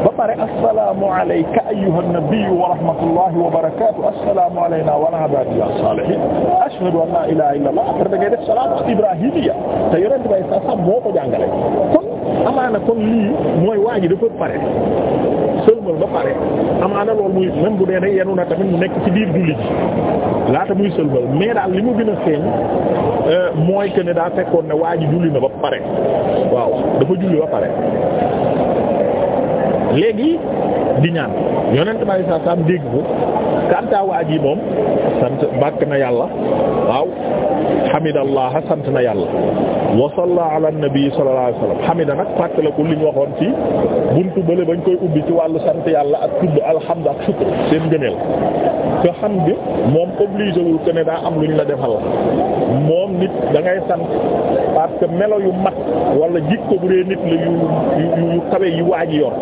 ba pare assalaamu alayka ayyuha an-nabiyyu wa rahmatullahi wa barakaatuhu assalaamu alaynaa wa alaa ibaadillahi as-saalihiin ashhadu an laa ilaaha illallah après da ngay def salaatu ibrahimiya te yonent bay sa sam moo ko jàngale kon amaana kon lii mooy waa ji dafa pare sëlmal ba pare amaana loolu muy même bu dee ne yenu na tamit mu nekk ci biir julli ji laata muy sëlmal mais daal li mu gën a feeñ euh, mooy que ne daa fekkoon ne waa ji julli na ba pare waaw dafa julli ba pare léegi di ñaan yonent bi saa saam dégg ko kanta waa ji moom sant bàkk na yàlla waaw hamidallah sant na yàlla wa salla ala nabi sallallahu alayhi wasallam hamida nag fàttala la li ñu waxoon ci buntu bële bañ koy ubbi ci wàllu sant yàlla ak tudd alhamdu ak shukr seen gëneel te hamd moom obligé wul que ne daa am luñ la defal moom nit da ngay sant parce melo yu mat wala jikko bu dee nit la yu yu yu kawe yu waaji yor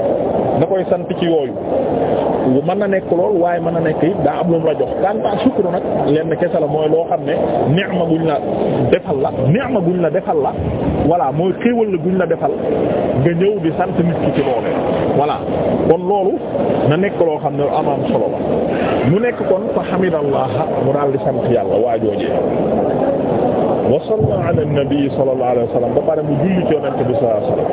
da koy sant ci yooyu yooyu mën na nekk lool waaye man na nekk it daa am lu la jox kanta sukru nag lenn kese la mooy loo xam ne ni'ma guñ la defal la ni'ma guñ la defal la voilà mooy xéewal la guñ la defal nga ñëw di sant nit ki ci loole voilà kon loolu na nekk loo xam ne amaam solo la mu nekk kon fa hamidallah mu daal di sant yàlla waajoojee wa salla ala nabi sallallahu alayhi wa sallam ba pare mu julli ci bi sallallahu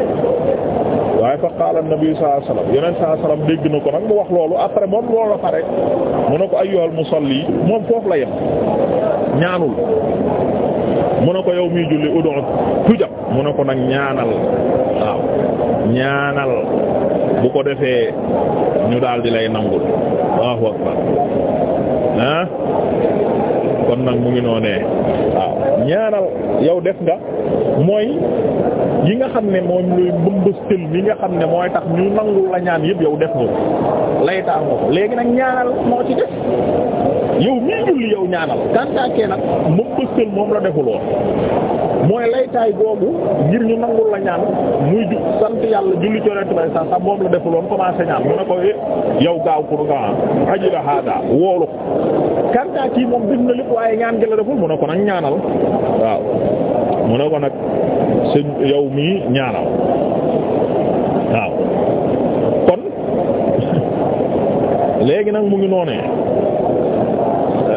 waaye fa qaala nabi sallallahu alayhi wasallam dégg na ko nag mu wax loolu après moom loolu pare mu ne ko ayyuhal musalli moom foofu la yem ñaanul mu ne ko yow miy julli ud'u tujab mu ne ko nag ñaanal waaw ñaanal bu ko defee ñu daal di lay nangul Allahu akbar ah kon nag mu ngi noonee waaw ñaanal yow def nga mooy yi nga xam ne moom luy mbëmbëstal mi nga xam ne mooy tax ñu nangu la ñaan yëpp yow def nga ko léegi nag ñaanal moo ci def yow mii julli yow ñaanal kantaakee nag mbëmbëstal moom la defuloon mooy laytaay googu ngir ñu nangul la ñaan muy ju sant yàlla julli ci yonent bay sax la defuloon commencé ñaan mu ne ko eh, yow gaaw pour nga ajila hada woolu kantaa kii moom def na lépp waaye ñaan gi la deful mu ne ko nag ñaanal waaw mu ne ko nag sëñ yow mii ñaanal waaw kon léegi nag mu ngi noonee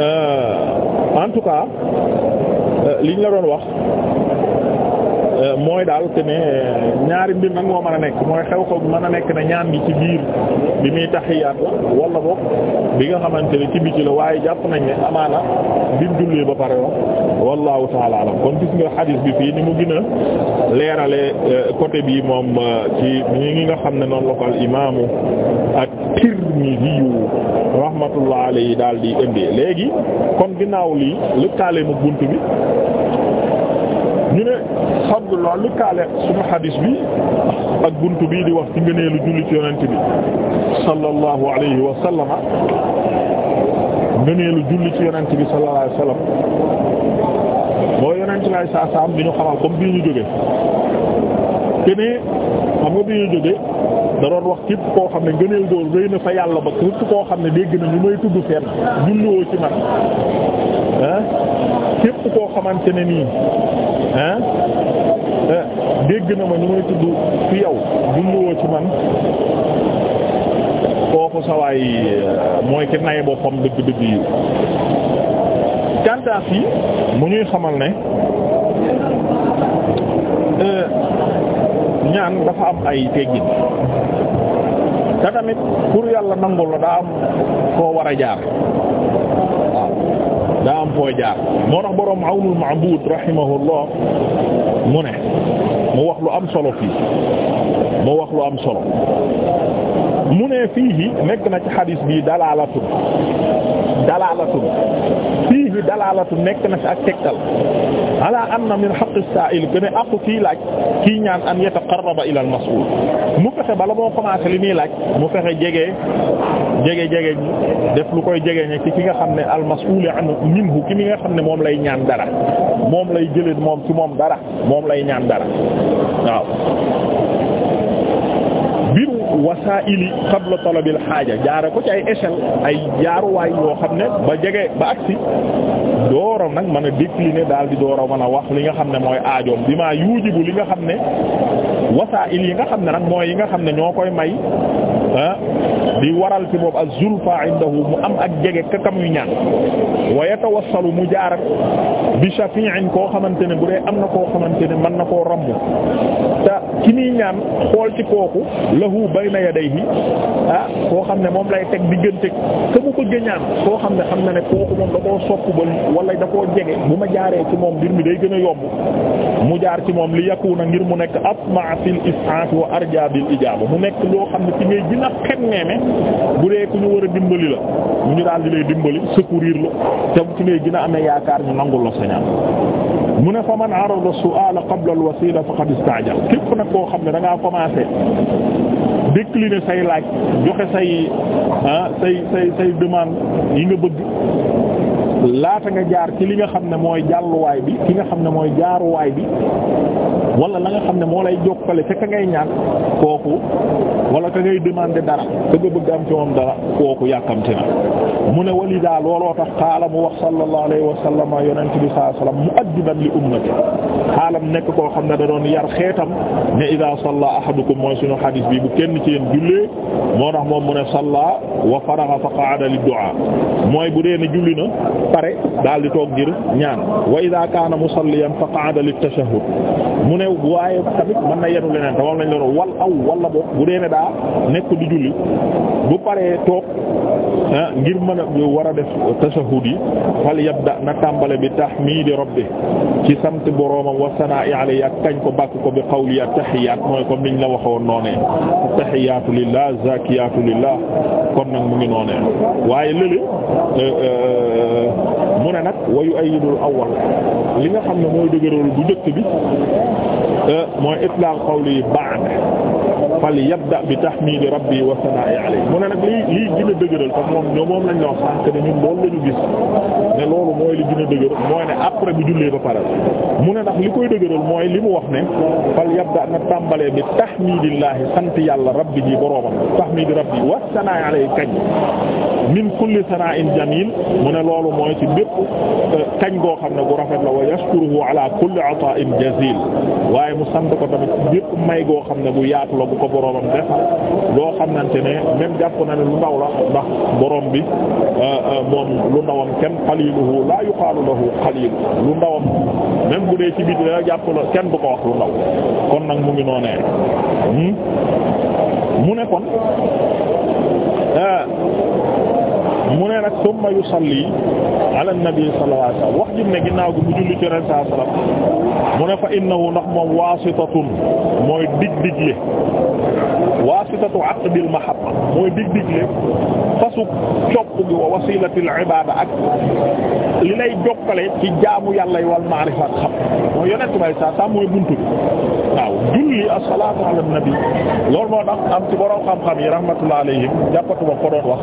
euh, en tout cas euh, liñ la doon wax Euh, mooy daal que ne euh, ñaari mbir nag moo a nekk mooy xew ko mën a nekk ne ñaan gi ci biir bi muy taxiyaat la wala boog bi nga xamante ne ci biti la waaye jàpp nañ ne amaana bi mu jullee ba pare wax wallahu taala alam kon gis nga xadiis bi fii ni mu gën a leerale euh, côté bi moom ci ñi ngi nga xam ne noonu la ko al imaamu at-Tirmidhi rahmatullah alayhi daal di indi léegi kon ginnaaw lii lëkkaale mu bunt bi ñu ne Abdullah li kaale suñu xadis bi ak bunt bii di wax ci ngëneelu julli ci yonent bi sallallahu alayhi wa sallama ngëneelu julli ci yonent bi sallallahu alayhi wa sallam boo yonent bi saam bi ñu xamal comme bii ñu jóge te ne xam nga bii ñu jóge da wax képp koo xam ne ngëneel dool rëy na fa yàlla ba képp koo xam ne dégg na ñu may tudd fenn julliwoo ci man ah képp koo xamante ne nii ah dégg na ma ñu tudd fi yow dunduwoo ci man kooku sawaay eh, mooy ki nay boppam dëgg-dëgg yi kantaa fii mu ñuy xamal ne eh, ñaan dafa am ay teggin te tamit pour yàlla nangul la daa am koo war a jaar daa am foo jaar moo tax boroom Awnul Ma'bud rahimahullah mu ne mu wax lu am solo fii mu wax lu am solo mu ne fii nekk na ci xadis bi dalaalatun dalaalatun fii dalaalatun nekk na ci ak tegtal ala anna min haqqi as-sa'il que ne aqu kii laaj kii ñaan an yataqarraba ila al-mas'ul mu fexe bala moo commencé li muy laaj mu fexe jege jege jegeñ def lu koy jegeñe ci ki nga xam ne almas'ul an minhu ki mi nga xam ne moom lay ñaan dara moom lay jëlee moom ci moom dara moom lay ñaan dara waaw wasaa'ili qabla talabil xaaja jaare ko ci ay échelle ay jaaruwaay yoo xam ne ba jege ba agsi dooro nag mën a décliner daal di dooro mën a wax li nga xam ne mooy aajoom bi maa yuujibu li nga xam ne wasaa'il yi nga xam ne nag mooy yi nga xam ne ñoo koy may ah di waral ci boobu ak zulfa indahu mu am ak jege kakamuy ñaan wa yatawassalu mu jaarak bi shafi'in koo xamante ne bu dee am na koo xamante ne mën na koo ramb te ki muy ñaan xool ci kooku lahu bayna bayna yadayhi ah koo xam ne moom lay teg diggante te mu bëgg a ñaan koo xam ne xam na ne kooku moom da koo sopp ba wala da koo jege bu ma jaaree ci moom mbir mi day gën a yomb mu jaar ci moom li yakuna ngir mu nekk atma fil is'at mu nekk loo xam ne a xemmeeme bu dee ku ñu war a dimbali la ñu ñu di lay dimbali secourir la te ci ngay gën a amee yaakaar ñu nangul la sa mu ne fa man arada su'ala qabla al-wasila faqad képp nag koo xam ne da ngaa décliner say laaj joxe say ah say say say yi nga bëgg laata nga jaar ci li nga xam ne mooy jàlluwaay bi ki nga xam ne mooy jaaruwaay bi wala la nga xam ne moo lay jokkale ca ka ngay ñaan kooku wala ka ngay demander dara ka nga bëgg am ci moom dara kooku yàkkamti na mu ne walida looloo tax xaala mu wax sallallahu alayhi wa sallam yonent bi sallallahu alayhi wa sallam mu'addiban li ummati xaalam nekk koo xam ne da doon yar xeetam ne ida salla ahadukum mooy suñu xadis bi bu kenn ci yéen jullee moo tax moom mu ne salla wa faraga fa qa'ada li mooy bu dee pare daal di toog ngir ñaan wa ida kaana musalliyan fa qa'ada lit tashahhud mu ne waaye tamit mën na yenu leneen te moom lañ loro wal aw wala boog bu dee ne nekk di julli bu paree toog ngir mën a war a def tashahhud yi fal yabda na tàmbale bi tahmidi rabbi ci sant boroomam wa sanaa'i alayhi ak kañ ko bàkk ko bi qawli at-tahiyyaat mooy comme niñ la waxoon noonee at lillah zaakiyaatu lillah kon nag mu ngi noonee waaye lële euh, euh, mu ne nag wayu ayidul awwal li nga xam ne mooy dëgëral bu njëkk bi euh, mooy itlaaq qawli ba'da fal yabda bi tahmid rabbi wa sanaa'i alayhi mu ne nag lii lii gën a moom ñoo moom lañ la wax sànq ne ñun loolu la gis ne loolu mooy li gën a dëgëral mooy ne après bu jullee ba pare mu ne nag li koy dëgëral mooy li mu wax ne fal yabda na tàmbalee bi tahmidillahi sant yàlla rabbi ji boroomam tahmid rabbi wa sanaa'i alayhi kañ min kulli sana'in jamil mu ne loolu mooy ci bépp euh, kañ goo xam ne gu rafet la wa yashkuruhu ala kulli ata'in jazil waaye mu sant ko tamit ci may goo xam ne bu yaatu la bu ko boroomam def loo xamante ne même jàpp na ne lu ndaw la ndax boroom bi euh, euh, moom lu ndawam kenn qaliluhu la yuqalu lu ndawam même bu dee ci biti la kenn bu ko wax lu ndaw kon nag mu ngi noonee hmm? mu ne kon mu ne nag summa yusalli ala nabi sallallahu alayhi wasallam wax jim ne ginnaaw gi mu julli ci ren saa salaam mu ne fa innahu ndax moom waasitatun mooy dig digle waasitatu aqdil mahabba mooy dig digle fasu copp gi wa wasilatil ibaada ak li lay jokkale ci jaamu yàlla yi wal maarifaat xam mooy yonent bay saa saa mooy buntu bi waaw julli as-salaatu ala nabi loolu moo tax am ci borom xam-xam yi rahmatullah alayhim jàppatuma ko doon wax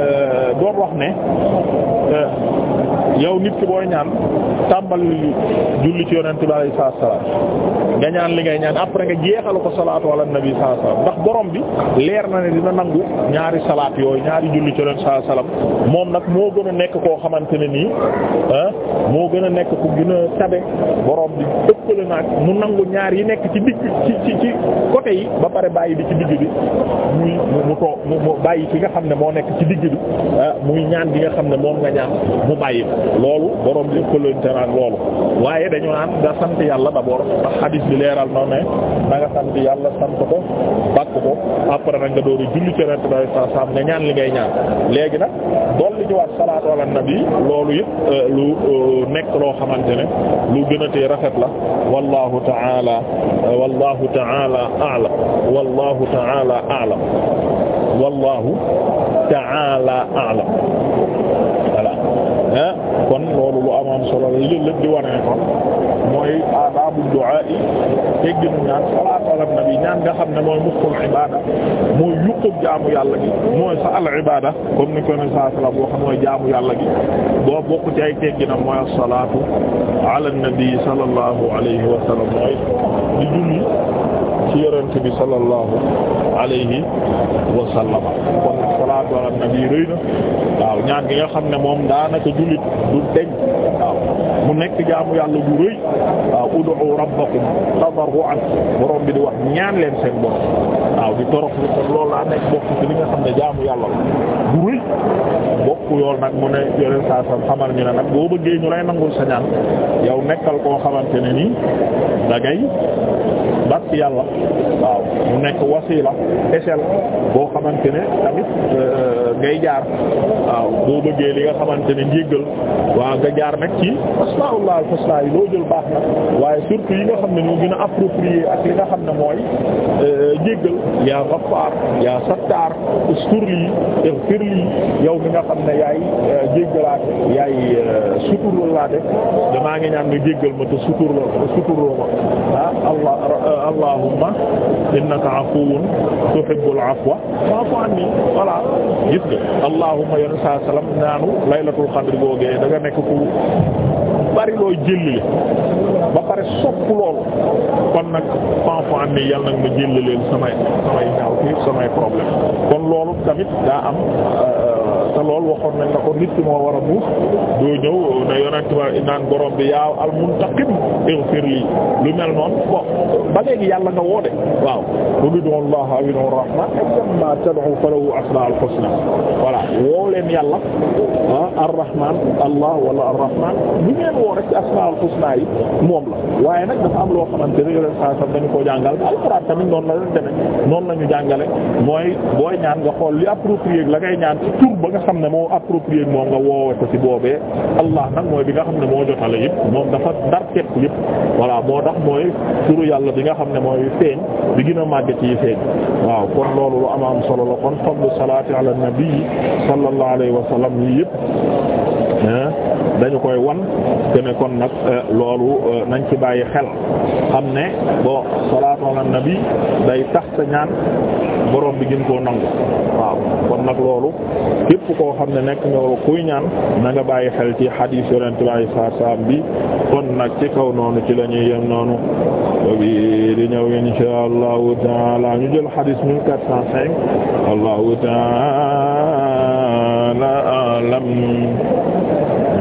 euh, doon wax ne euh, yow nit ki booy ñaan tàmbali julli ci yonent bi nga ñaan li ngay ñaan après nga jeexalu ko salaatu ala nabi sallallahu alayhi wasallam ndax borom bi leer na ne dina nangu ñaari salaat yooyu ñaari julli ci yonent sallallahu moom nag moo gën a nekk koo xamante ne nii ah, moo gën a nekk ku gën a tabe borom bi ëppale naag mu nangu ñaar yi nekk ci digg ci ci ci côté yi ba pare bàyyi bi ci digg bi muy mu mu too mu bàyyi ki nga xam ne moo nekk ci digg bi muy ñaan bi nga xam ne moom nga ñaan mu bàyyi loolu borom bi ëppalante na loolu waaye dañu naan nga sant yàlla d'abord ndax hadith bi leeral na ne da nga sant yàlla sant ko bàkk ko après nag nga door a julli ci rent day sa sam nga ñaan li ngay ñaan léegi nag dool li ñu waat salaatu ala nabi loolu yëpp euh, lu euh, nekk loo xamante ne lu gën a rafet la wallahu ta'ala euh, wallahu ta'ala a'lam wallahu ta'ala a'lam wallahu ta'ala a'lam a'lam voilà ah kon loolu lu amoon solo la yëpp lépp di wane kon mooy adabu du'a yi tegginu ñaan salaatu ala nabi ñaan nga xam ne mooy mukkul ibada mooy yuqub jaamu yàlla gi mooy sa al ibada comme ni ko ne saa sala boo xam mooy jaamu yàlla gi boo bokk ci ay tegginam mooy as-salaatu ala nabi sallallahu alayhi wa sallam mooy di julli ci yonent bi sallallahu alayhi wasallama kon salaatu ala nabi rëy na waaw ñaan gi nga xam ne moom daanaka jullit du deñ waaw mu nekk jaamu yàlla bu rëy waaw ud'u rabbakum tadarru'an borom bi di wax ñaan leen seen borom waaw di torox li kon nekk bokk ci li nga xam ne jaamu yàlla la bu rëy bokk yool nag mu ne yoleen saa sam xamal ñu ne nag nekkal koo xamante ne nii da ngay yàlla waaw mu nekk wasiila échelle boo xam xamante ne tamit euh, ngay jaar waaw boo bëggee li nga xamante ne njéggal waaw nga jaar nag ci asmaa'ullah al-husna yi loo jël baax na waaye surtout yi nga xam ne ñoo gën a approprié ak li nga xam ne mooy euh, njéggal yaa Ghaffar yaa Sattar ustur lii ighfir lii yow mi nga xam ne yaay euh, jéggalaate yaay suturlaate damaa ngi ñaan nga jéggal ma te suturloo suturloo ma ah allah allahumma innaka afuwwun tuhibbul afwa maa ko am ni voilà gis nga allahumma yàlla saa salaam naanu laylatul qadr googee da nga nekk ku bari looy jëllale ba pare sopp loolu kon nag fanfo am ni yàlla nag ma jëllaleel samay samay ñaaw tiif samay problème kon loolu tamit daa am euh, te loolu waxoon nañ la ko nit ki moo war a muus doo ñëw euh, ne yonent ba naan borom bi yaa almuntaqim ighfir li lu mel noonu bon ba léegi yàlla nga woo de waaw qul ud'u Allah aw ud'u Rahman ayyamma tad'u falahu asmaa'ul husna voilà woo leen yàlla ah ar-Rahman Allah wala ar-Rahman woo rek ci asmaul husna yi moom la waaye nag dafa am loo xamante ne yoleen saa sax dañu koo jàngal alxuraan tamit noonu la deme noonu la jàngale mooy booy ñaan nga xool li approprié la ngay ñaan ci tur ba nga xam ne moo approprié moom nga woowe ko ci boobee allah nag mooy bi nga xam ne moo jotale yëpp moom dafa dar tepp yëpp voilà moo tax mooy turu yàlla bi nga xam ne mooy feeñ bi gën a màgg ci feeñ waaw kon loolu lu am am solo la kon fadlu salaati ala nabi sallallahu alayhi yi yëpp dañu koy won te kon nag euh, loolu euh, nañ ci bàyyi xel xam ne bon salaatu ala nabi day tax ñaan boroom bi gën koo nangu waaw kon nag loolu képp koo xam ne nekk nga kuy ñaan na bàyyi xel ci xadiis yonent bi saa saam kon nag ci kaw noonu ci la ñuy yem noonu bi di ñëw inshaa allahu taala ñu jël xadiis mille allahu taala alam